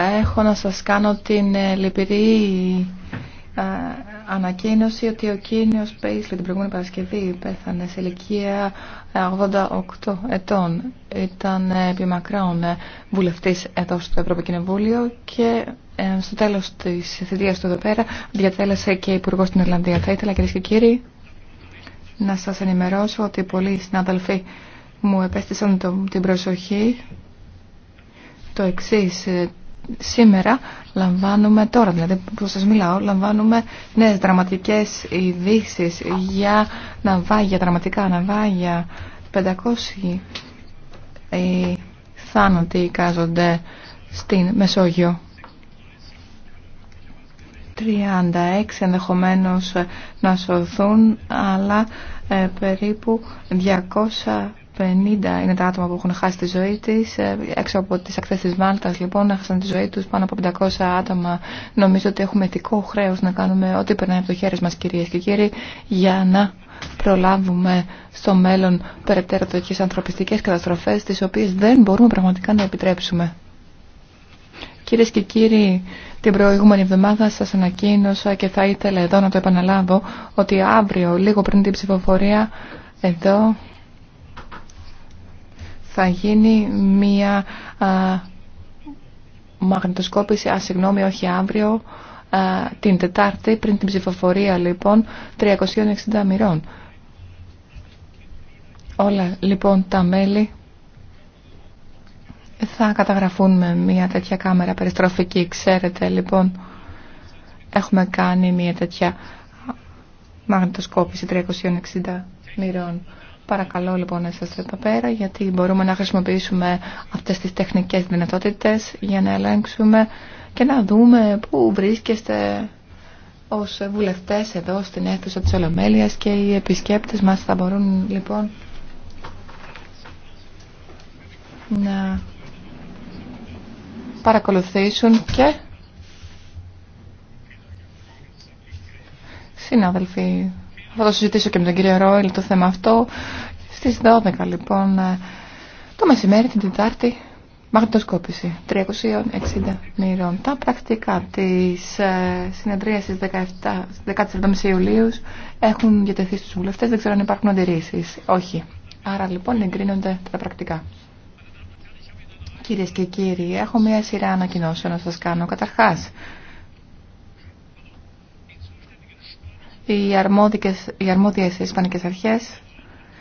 έχω να σας κάνω την ε, λυπηρή ε, ανακοίνωση ότι ο Κίνιος Πέισλε την προηγούμενη Παρασκευή πέθανε σε ηλικία 88 ε, ετών. Ήταν επί μακράων βουλευτής εδώ στο Ευρωπαϊκό Κοινοβούλιο και στο τέλος της θητείας του εδώ πέρα διατέλεσε και υπουργό στην Ιρλανδία. Θα ήθελα κυρίες και κύριοι να σας ενημερώσω ότι πολλοί συνάδελφοι μου επέστησαν την προσοχή το εξής σήμερα λαμβάνουμε τώρα, δηλαδή που σας μιλάω, λαμβάνουμε νέες δραματικές ειδήσει για ναυάγια, δραματικά ναυάγια. 500 οι ε, θάνατοι εικάζονται στην Μεσόγειο. 36 ενδεχομένως να σωθούν, αλλά ε, περίπου 200 είναι τα άτομα που έχουν χάσει τη ζωή τη, ε, Έξω από τις ακτές της Μάλτας λοιπόν έχασαν τη ζωή τους πάνω από 500 άτομα. Νομίζω ότι έχουμε ηθικό χρέος να κάνουμε ό,τι περνάει από το χέρι μας κυρίες και κύριοι για να προλάβουμε στο μέλλον περαιτέρω τέτοιες ανθρωπιστικές καταστροφές τις οποίες δεν μπορούμε πραγματικά να επιτρέψουμε. Κυρίες και κύριοι, την προηγούμενη εβδομάδα σας ανακοίνωσα και θα ήθελα εδώ να το επαναλάβω ότι αύριο, λίγο πριν την ψηφοφορία, εδώ θα γίνει μία μαγνητοσκόπηση, α, συγγνώμη, όχι αύριο, την Τετάρτη, πριν την ψηφοφορία, λοιπόν, 360 μοιρών. Όλα, λοιπόν, τα μέλη θα καταγραφούν με μια τέτοια κάμερα περιστροφική. Ξέρετε, λοιπόν, έχουμε κάνει μια τέτοια μαγνητοσκόπηση 360 μοιρών. Παρακαλώ λοιπόν να είστε εδώ πέρα γιατί μπορούμε να χρησιμοποιήσουμε αυτές τις τεχνικές δυνατότητες για να ελέγξουμε και να δούμε πού βρίσκεστε ως βουλευτές εδώ στην αίθουσα της Ολομέλειας και οι επισκέπτες μας θα μπορούν λοιπόν να παρακολουθήσουν και συνάδελφοι θα το συζητήσω και με τον κύριο Ρόιλ το θέμα αυτό. στι 12 λοιπόν ε, το μεσημέρι την Τετάρτη μαγνητοσκόπηση 360 μοίρων. Τα πρακτικά τη συνεδρία τη 17, η Ιουλίου έχουν διατεθεί στου βουλευτέ, Δεν ξέρω αν υπάρχουν αντιρρήσει. Όχι. Άρα λοιπόν εγκρίνονται τα πρακτικά. Κυρίε και κύριοι, έχω μια σειρά ανακοινώσεων να σα κάνω. καταρχά. οι αρμόδιες, οι αρμόδιες ισπανικές αρχές